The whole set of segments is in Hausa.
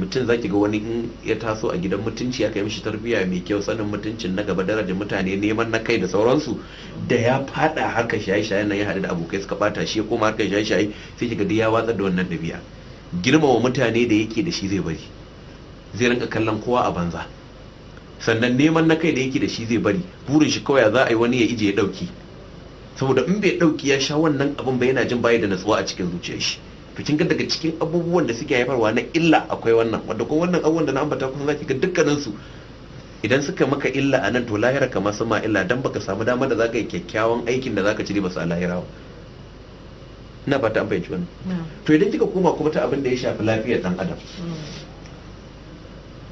mutum zaki ga wani in ya taso a gidan mutunci aka yi mishi tarbiyya mai kyau sanin mutuncin na gaba daraja mutane neman na kai da sauransu da ya fada harka shaye-shaye na ya haɗu da abokai suka bata shi kuma harka shaye-shaye sai kiga duk ya watsar da wannan dabi'a girmama mutane da yake da shi zai bari zai rinka kallon kowa a banza sannan neman na kai da yake da shi zai bari burin shi kawai za a yi wani ya ije ya dauki saboda in bai ɗauki ya sha wannan abin ba yana jin baya da natsuwa a cikin zuciyar shi to kin ga daga cikin abubuwan da suke haifarwa na illa akwai wannan wanda ko wannan abubuwan da na ambata kusan zaki ga dukkanin su idan suka maka illa a nan to lahira kamar sama illa dan baka samu dama da zaka yi kyakkyawan aikin da zaka ci ba sa lahira ina ba ta ambaci wannan to idan kika koma kuma ta abin da ya shafi lafiyar dan adam hmm.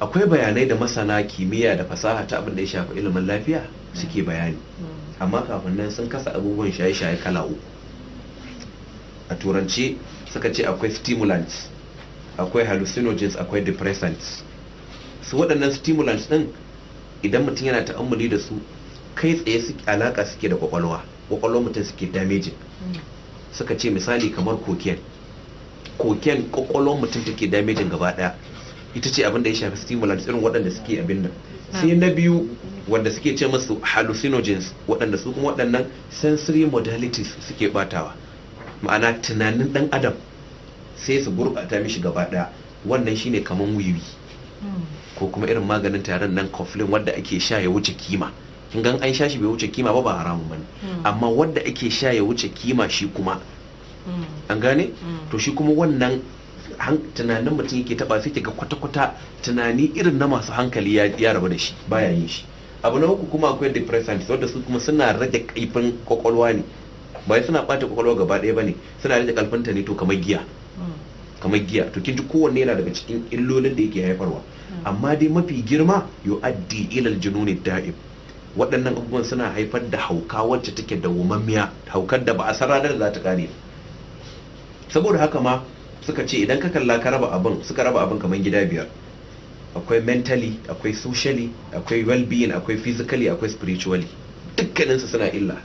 akwai bayanai da masana kimiyya da fasaha ta abin da ya shafi ilimin lafiya suke hmm. bayani hmm. amma kafin nan sun kasa abubuwan shaye-shaye kala uku a turanci suka ce akwai stimulants akwai hallucinogens akwai depressants su waɗannan stimulants ɗin idan mutum yana ta'ammuli da su kai tsaye su alaƙa suke da kwakwalwa kwakwalwar mutum suke damejin suka ce misali kamar koken koken kwakwalwar mutum take damejin gaba ɗaya ita ce abin da ya shafi stimulants irin waɗanda suke abin nan sai na biyu wanda suke ce masu hallucinogens waɗanda su kuma waɗannan sensory modalities suke batawa ma'ana tunanin dan adam sai su gurɓata mishi gaba ɗaya wannan shine kaman wiwi hmm. ko kuma irin maganin tarin nan koflin wadda ake sha ya wuce kima kin gan an sha shi bai wuce kima ba ba haramun bane hmm. amma wadda ake sha ya wuce kima shi kuma hmm. an gane to shi kuma wannan tunanin mutum yake taba sai ga kwata-kwata tunani irin na masu hankali ya rabu da shi baya yin shi abu na uku kuma akwai depressants wadda su kuma suna rage kaifin kwakwalwa ne ba suna bata kwakwalwa gaba ɗaya ne suna rage ta ne to kamar giya mm. kamar giya to kin ji kowanne yana daga cikin illolin da yake haifarwa mm. amma dai mafi girma addi ilal jununi da'im waɗannan abubuwan suna haifar da hauka wacce take da wumammiya haukar da ba a san da za ta kare saboda haka ma suka ce idan ka kalla ka raba abin suka raba abin kamar gida biyar akwai mentally akwai socially akwai well-being akwai physically akwai spiritually dukkaninsu suna illa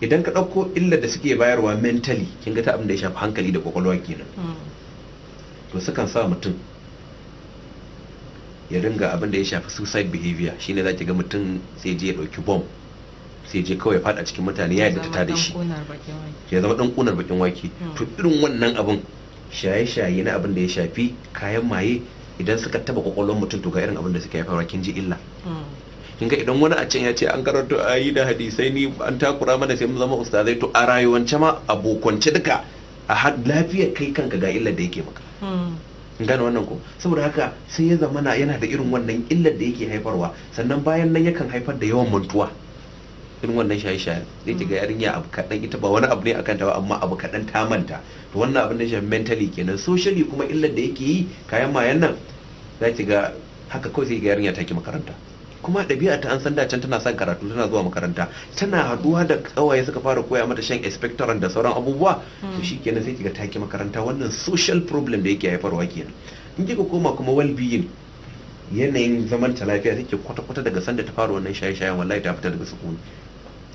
idan ka ɗauko illar da suke bayarwa mentally kin ga ta abin da ya shafi hankali da kwakwalwa kenan to sukan sa mutum ya ringa abin da ya shafi suicide behavior shine za ga mutum sai je ya ɗauki bomb sai je kawai fada cikin mutane ya yadda ta da shi ya zama ɗan kunar bakin wake hmm. to irin wannan abin shaye-shaye na abin da ya shafi kayan maye idan suka taba kwakwalwar mutum to ga irin abin da suka haifarwa kin ji illa hmm. kin ga idan wani a can ya ce an karanto yi da hadisai ni an takura mana sai mu zama ustazai to a rayuwance ma abokance duka a lafiyar kai kanka ga illar da yake maka hmm. In gane wannan ko saboda haka sai ya na yana da irin wannan illar da yake haifarwa sannan bayan nan yakan haifar da yawan mantuwa irin wannan shaye shaye zai ki ga hmm. yarinya abu kaɗan ita ba wani abu ne akan ta ba amma abu kaɗan ta manta to wannan abin da shi mentally kenan socially kuma illar da yake yi kayan mayan nan za ki ga haka kawai sai ga yarinya ta ki makaranta kuma ɗabi'a ta an san da can tana son karatu tana zuwa makaranta tana haɗuwa da kawaye suka fara koya mata shan expectorant da sauran abubuwa to hmm. shikenan sai kiga taki makaranta wannan social problem da yake haifarwa kenan in kika koma kuma well being yanayin zaman ta lafiya take kwata-kwata daga sanda ta fara wannan shaye-shayen wallahi ta fita daga sukuni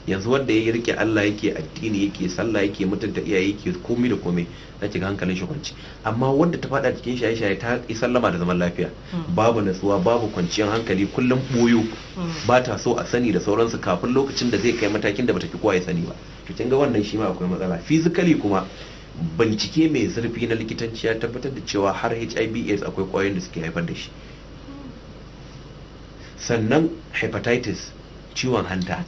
yanzu wanda ya rike Allah yake addini yake sallah yake mutunta iyaye ke komai da komai za ki ga hankalin shi kwanci amma wanda ta fada cikin shaye shaye ta yi sallama da zaman lafiya hmm. babu natsuwa babu kwanciyar hankali kullum boyo hmm. ba ta so a sani da sauransu kafin lokacin da zai kai matakin da bata fi kowa ya sani ba to kin ga wannan shi ma akwai matsala physically kuma bincike mai zurfi na likitanci ya tabbatar da cewa har HIV AIDS akwai kwayoyin da suke haifar da shi hmm. sannan hepatitis ciwon hanta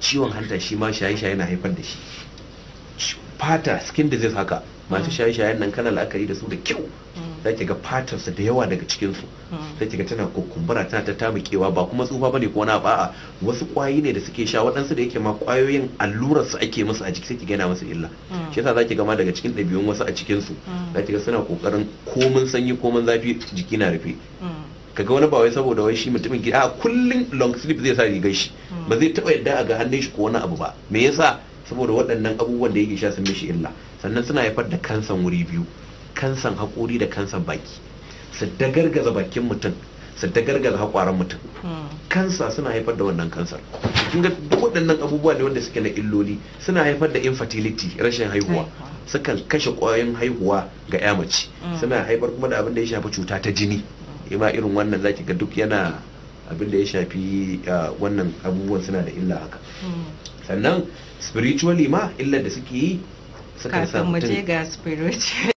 ciwon hanta shi ma shaye-shaye na haifar da shi fata skin disease haka masu mm. shaye-shayen nan kana la'akari da su da kyau mm. za ki ga fatarsa da yawa daga cikinsu mm. Za ki ga tana kumbura tana ta tamukewa ba kuma tsufa bane ko na ba'a wasu kwayi ne da suke sha waɗansu da yake ma kwayoyin allurar su ake musu a jiki sai ki gana musu illa shi yasa zaki ga ma daga cikin ɗabi'un wasu a cikinsu za ki ga suna kokarin komin sanyi komin zafi jiki na rufe kaga wani ba wai saboda wai shi mutumin gida a kullum long sleep zai sa rigar shi hmm. ba zai taba yadda a ga hannun shi ko wani abu ba me yasa saboda waɗannan abubuwan da yake sha sun mishi illa sannan suna haifar da kansan wuri biyu kansan haƙori da kansan baki su dagargaza bakin mutum su dagargaza haƙwaran mutum hmm. kansa suna haifar da wannan kansar kin ga duk waɗannan abubuwa ne wanda suke na illoli suna haifar da infertility rashin haihuwa sukan kashe ƙwayoyin haihuwa ga ya mace hmm. suna haifar kuma da abin da ya shafi cuta ta jini ima irin wannan zaki ga duk yana abin da ya shafi ah, wannan abubuwan suna da illa haka hmm. sannan spiritually ma illar da suke yi suka ga spiritual.